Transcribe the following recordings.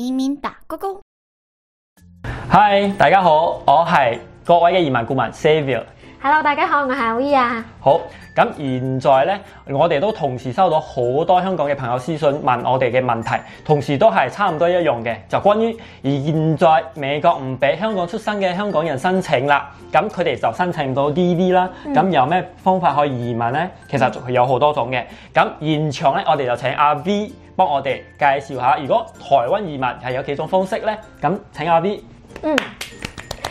移民打勾勾，嗨，大家好，我係各位嘅移民顧問 Xavier。Xavier Hello，大家好，我係 V 啊。好，咁現在咧，我哋都同時收到好多香港嘅朋友私信問我哋嘅問題，同時都係差唔多一樣嘅，就關於而現在美國唔俾香港出生嘅香港人申請啦，咁佢哋就申請唔到 D V 啦。咁、嗯、有咩方法可以移民咧？其實仲有好多種嘅。咁現場咧，我哋就請阿 V 幫我哋介紹下，如果台灣移民係有幾種方式咧？咁請阿 V。嗯。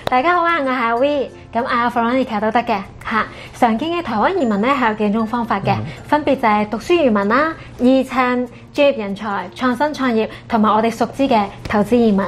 大家好，我是 v, 啊，我係阿 V，咁阿 Veronica 都得嘅吓。常見嘅台灣移民咧係有幾種方法嘅，嗯，分別就係讀書移民啦、依親、專業人才、創新創業同埋我哋熟知嘅投資移民。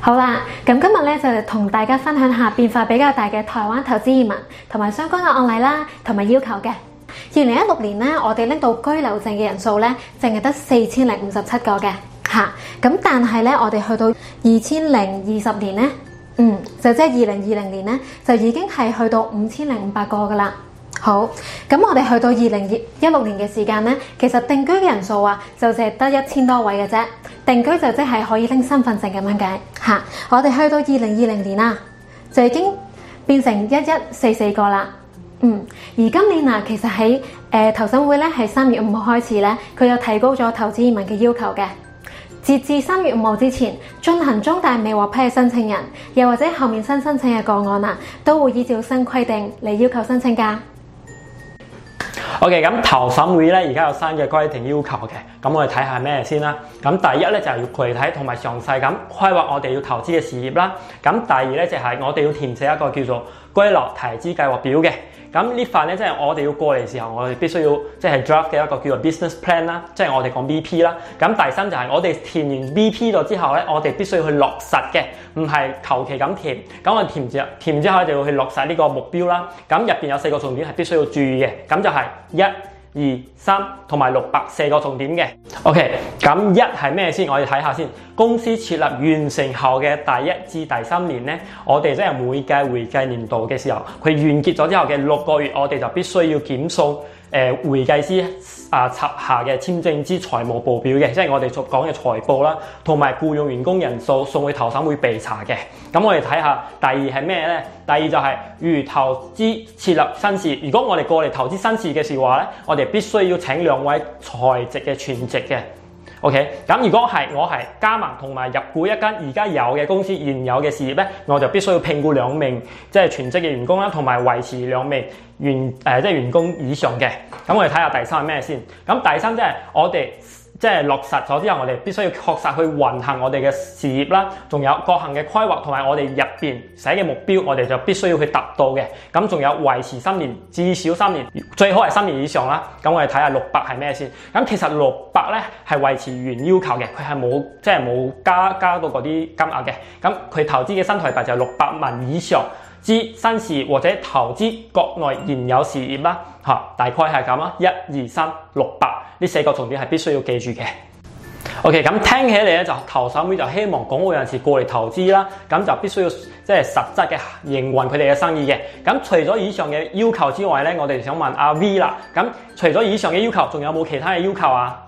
好啦，咁今日咧就同大家分享一下變化比較大嘅台灣投資移民同埋相關嘅案例啦，同埋要求嘅。二零一六年咧，我哋拎到居留證嘅人數咧淨係得四千零五十七個嘅吓，咁但係咧我哋去到二千零二十年咧。嗯，就即係二零二零年咧，就已經係去到五千零五百個噶啦。好，咁我哋去到二零一六年嘅時間咧，其實定居嘅人數啊，就淨係得一千多位嘅啫。定居就即係可以拎身份證咁樣解。吓。我哋去到二零二零年啦，就已經變成一一四四個啦。嗯，而今年嗱，其實喺誒、呃、投審會咧係三月五號開始咧，佢有提高咗投資移民嘅要求嘅。截至三月五號之前，進行中大未獲批嘅申請人，又或者後面新申請嘅個案啊，都會依照新規定嚟要求申請噶。OK，咁投審會咧而家有新嘅規定要求嘅，咁我哋睇下咩先啦。咁第一咧就係、是、要具體同埋詳細咁規劃我哋要投資嘅事業啦。咁第二咧就係、是、我哋要填寫一個叫做歸類提資計劃表嘅。咁呢份咧，即係我哋要過嚟時候，我哋必須要即係 draft 嘅一個叫做 business plan 啦，即係我哋講 BP 啦。咁第三就係我哋填完 BP 咗之後咧，我哋必須要去落實嘅，唔係求其咁填。咁我填住，填之後我哋要去落實呢個目標啦。咁入面有四個重點係必須要注意嘅，咁就係一。二三同埋六百四個重點嘅，OK，咁一係咩先？我哋睇下先。公司設立完成後嘅第一至第三年咧，我哋即係每屆會計年度嘅時候，佢完結咗之後嘅六個月，我哋就必須要檢送。誒會計師啊，插下嘅簽證之財務報表嘅，即係我哋所講嘅財報啦，同埋僱用員工人數送去投審會備查嘅。咁我哋睇下，第二係咩呢？第二就係、是、如投資設立新事，如果我哋過嚟投資新事嘅時話呢，我哋必須要請兩位財值嘅全職嘅。OK，咁如果係我係加盟同埋入股一間而家有嘅公司現有嘅事業咧，我就必須要聘僱兩名即係、就是、全職嘅員工啦，同埋維持兩名員誒即係員工以上嘅。咁我哋睇下第三係咩先？咁第三即係我哋。即係落實咗之後，我哋必須要確實去運行我哋嘅事業啦，仲有各行嘅規劃同埋我哋入邊寫嘅目標，我哋就必須要去達到嘅。咁仲有維持三年，至少三年，最好係三年以上啦。咁我哋睇下六百係咩先？咁其實六百咧係維持原要求嘅，佢係冇即係冇加加到嗰啲金額嘅。咁佢投資嘅新台幣就係六百萬以上。資新事業或者投資國內現有事業啦，嚇，大概係咁啦，一二三六八呢四個重點係必須要記住嘅。OK，咁聽起嚟咧就投審會就希望港澳人士過嚟投資啦，咁就必須要即係實質嘅營運佢哋嘅生意嘅。咁除咗以上嘅要求之外咧，我哋想問阿 V 啦，咁除咗以上嘅要求，仲有冇其他嘅要求啊？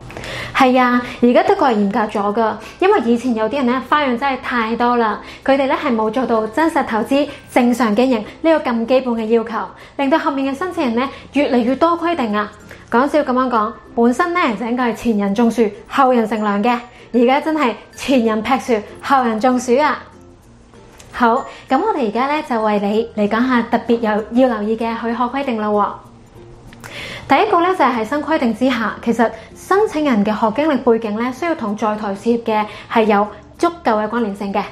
係啊，而家都確係嚴格咗㗎，因為以前有啲人咧花樣真係太多喇。佢哋咧係冇做到真實投資、正常經營呢，這個咁基本嘅要求，令到後面嘅申請人越嚟越多規定啊。講笑咁樣講，本身咧就應該係前人種樹，後人乘涼嘅，而家真係前人劈樹，後人中暑啊！好，咁我哋而家就為你嚟講下特別又要留意嘅許可規定啦。第一個咧就係喺新規定之下，其實申請人嘅學經歷背景咧需要同在台事業嘅係有足夠嘅關聯性嘅。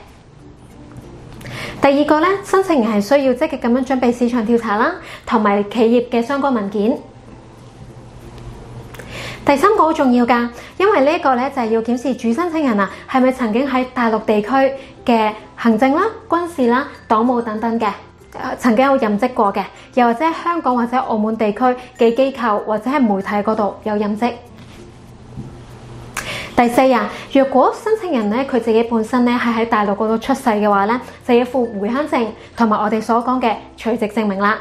第二個咧，申請人係需要積極咁樣準備市場調查啦，同埋企業嘅相關文件。第三個好重要㗎，因為呢一個咧就係要檢視主申請人啊，係咪曾經喺大陸地區嘅行政啦、軍事啦、黨務等等嘅。曾經有任職過嘅，又或者香港或者澳門地區嘅機構或者喺媒體嗰度有任職。第四啊，若果申請人咧佢自己本身咧係喺大陸嗰度出世嘅話咧，就要附回鄉證同埋我哋所講嘅隨籍證明啦。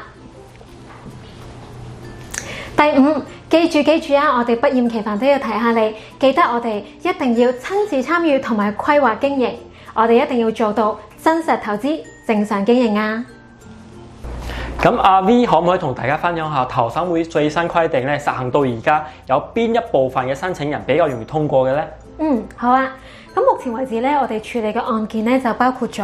第五，記住記住啊，我哋不厭其煩都要提下你，記得我哋一定要親自參與同埋規劃經營，我哋一定要做到真實投資、正常經營啊！咁阿 V 可唔可以同大家分享下投審會最新規定咧？實行到而家有邊一部分嘅申請人比較容易通過嘅呢？嗯，好啊。咁目前為止咧，我哋處理嘅案件咧就包括咗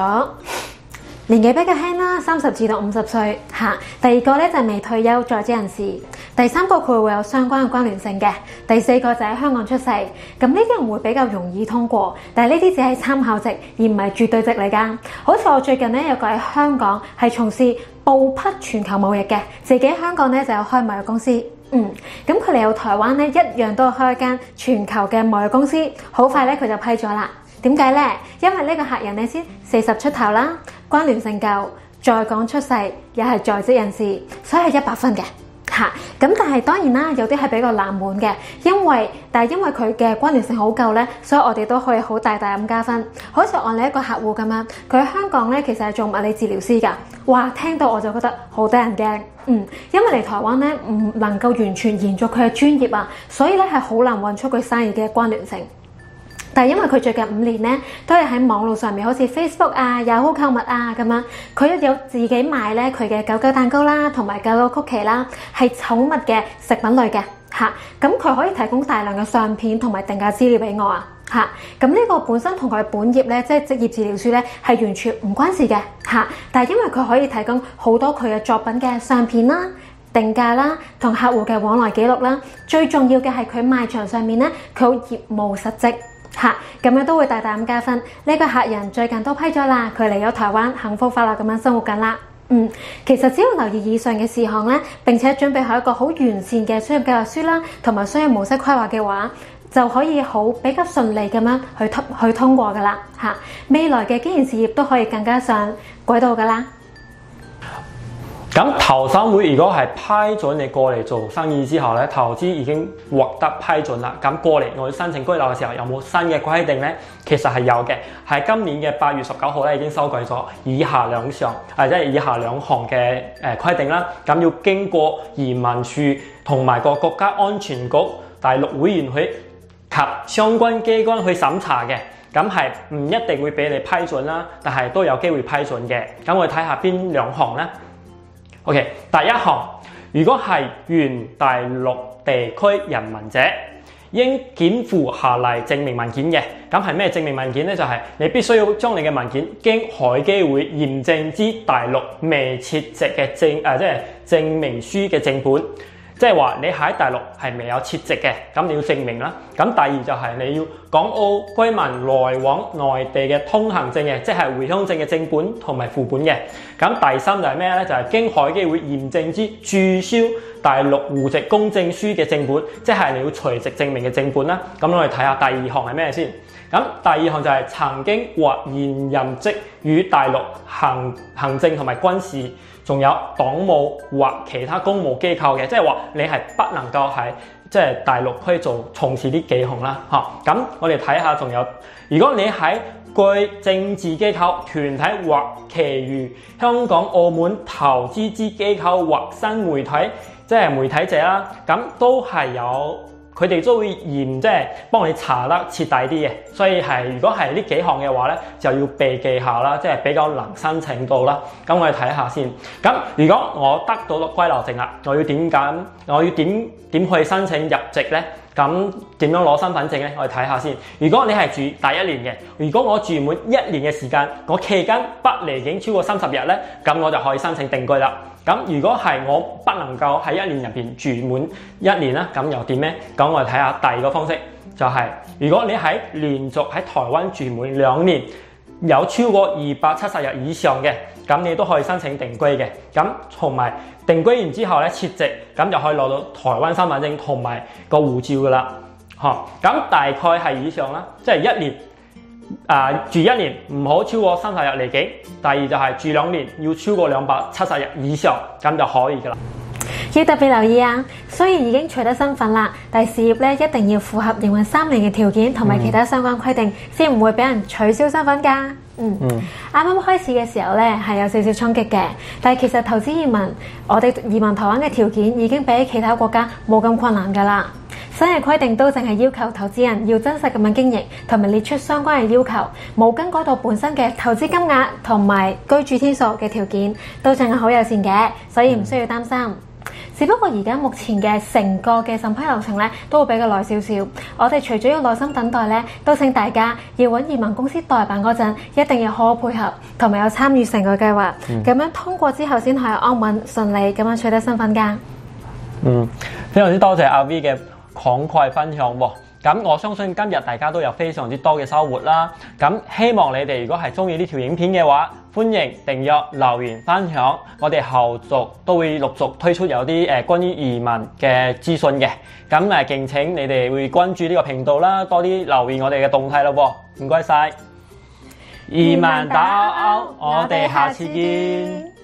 年紀比較輕啦，三十至到五十歲吓。第二個咧就係、是、未退休在職人士。第三個佢會有相關嘅關聯性嘅。第四個就喺香港出世。咁呢啲人會比較容易通過，但係呢啲只係參考值而唔係絕對值嚟㗎。好似我最近咧有個喺香港係從事。暴匹全球貿易嘅，自己喺香港咧就有開貿易公司，嗯，咁佢嚟到台灣咧一樣都係開一間全球嘅貿易公司，好快咧佢就批咗啦。點解咧？因為呢個客人咧先四十出頭啦，關聯性夠，在港出世又係在職人士，所以係一百分嘅。嚇！咁但係當然啦，有啲係比較冷門嘅，因為但係因為佢嘅關聯性好夠咧，所以我哋都可以好大大咁加分。好似我另一個客戶咁樣，佢喺香港咧其實係做物理治療師㗎，哇！聽到我就覺得好得人驚。嗯，因為嚟台灣咧唔能夠完全延續佢嘅專業啊，所以咧係好難揾出佢生意嘅關聯性。但係因為佢最近五年咧，都係喺網絡上面，好似 Facebook 啊、Yahoo 購物啊咁樣，佢有自己賣咧佢嘅狗狗蛋糕啦，同埋狗狗曲奇啦，係寵物嘅食品類嘅吓。咁佢可以提供大量嘅相片同埋定價資料俾我啊吓。咁呢個本身同佢嘅本業咧，即係職業治療師咧，係完全唔關事嘅吓。但係因為佢可以提供好多佢嘅作品嘅相片啦、定價啦、同客戶嘅往來記錄啦，最重要嘅係佢賣場上面咧，佢有業務實績。吓，咁樣都會大大咁加分。呢個客人最近都批咗啦，佢嚟咗台灣，幸福快樂咁樣生活緊啦。嗯，其實只要留意以上嘅事項咧，並且準備好一個好完善嘅商業計劃書啦，同埋商業模式規劃嘅話，就可以好比較順利咁樣去通去通過噶啦。吓，未來嘅經營事業都可以更加上軌道噶啦。咁投審會如果係批准你過嚟做生意之後咧，投資已經獲得批准啦。咁過嚟我申請居留嘅時候，有冇新嘅規定呢？其實係有嘅，係今年嘅八月十九號咧已經修改咗以下兩項或者以下兩項嘅誒規定啦。咁要經過移民署同埋個國家安全局、大陸委員會及相關機關去審查嘅。咁係唔一定會俾你批准啦，但係都有機會批准嘅。咁我哋睇下邊兩項呢？O、okay, K，第一項如果係原大陸地區人民者，應檢附下列證明文件嘅，咁係咩證明文件呢？就係、是、你必須要將你嘅文件經海基會驗證之大陸未設籍嘅證，誒即係證明書嘅正本。即係話你喺大陸係未有撤籍嘅，咁你要證明啦。咁第二就係你要港澳居民來往內地嘅通行證嘅，即係回鄉證嘅正本同埋副本嘅。咁第三就係咩咧？就係、是、經海基會驗證之註銷大陸戶籍公證書嘅正本，即係你要隨籍證明嘅正本啦。咁我哋睇下第二項係咩先。咁第二項就係曾經或現任職與大陸行行政同埋軍事。仲有黨務或其他公務機構嘅，即係話你係不能夠喺即係大陸區做從事啲技行啦，吓，咁我哋睇下仲有，如果你喺具政治機構、團體或其餘香港、澳門投資之機構或新媒體，即係媒體者啦，咁都係有。佢哋都會驗即係幫你查得徹底啲嘅，所以係如果係呢幾項嘅話咧，就要避忌下啦，即係比較能申請到啦。咁我哋睇下先。咁如果我得到咗居留證啦，我要點解？我要點點去申請入籍咧？咁點樣攞身份證咧？我哋睇下先。如果你係住第一年嘅，如果我住滿一年嘅時間，我期間不離境超過三十日咧，咁我就可以申請定居啦。咁如果係我不能夠喺一年入面住滿一年啦，咁又點咧？咁我哋睇下第二個方式，就係如果你喺連續喺台灣住滿兩年，有超過二百七十日以上嘅，咁你都可以申請定居嘅。咁同埋定居完之後呢，撤籍咁就可以攞到台灣身份證同埋個護照㗎啦，嚇。咁大概係以上啦，即係一年。呃、住一年唔好超過三十日離境，第二就係住兩年要超過兩百七十日以上，咁就可以噶啦。要特別留意啊，雖然已經取得身份啦，但事業咧一定要符合營運三年嘅條件同埋其他相關規定，先、嗯、唔會俾人取消身份噶。嗯，啱、嗯、啱開始嘅時候咧係有少少衝擊嘅，但係其實投資移民我哋移民台灣嘅條件已經比其他國家冇咁困難噶啦。新嘅規定都淨係要求投資人要真實咁樣經營，同埋列出相關嘅要求，冇更改到本身嘅投資金額同埋居住天數嘅條件都淨係好友善嘅，所以唔需要擔心。嗯、只不過而家目前嘅成個嘅審批流程咧，都會比較耐少少。我哋除咗要耐心等待咧，都請大家要揾移民公司代辦嗰陣，一定要好好配合，同埋有參與成個計劃，咁、嗯、樣通過之後先可以安穩順利咁樣取得身份㗎。嗯，非常之多謝阿 V 嘅。慷慨分享喎，咁我相信今日大家都有非常之多嘅收穫啦。咁希望你哋如果係中意呢條影片嘅話，歡迎訂閱、留言、分享。我哋後續都會陸續推出有啲誒關於移民嘅資訊嘅，咁誒敬請你哋會關注呢個頻道啦，多啲留意我哋嘅動態咯，唔該晒，移民打勾勾，我哋下次見。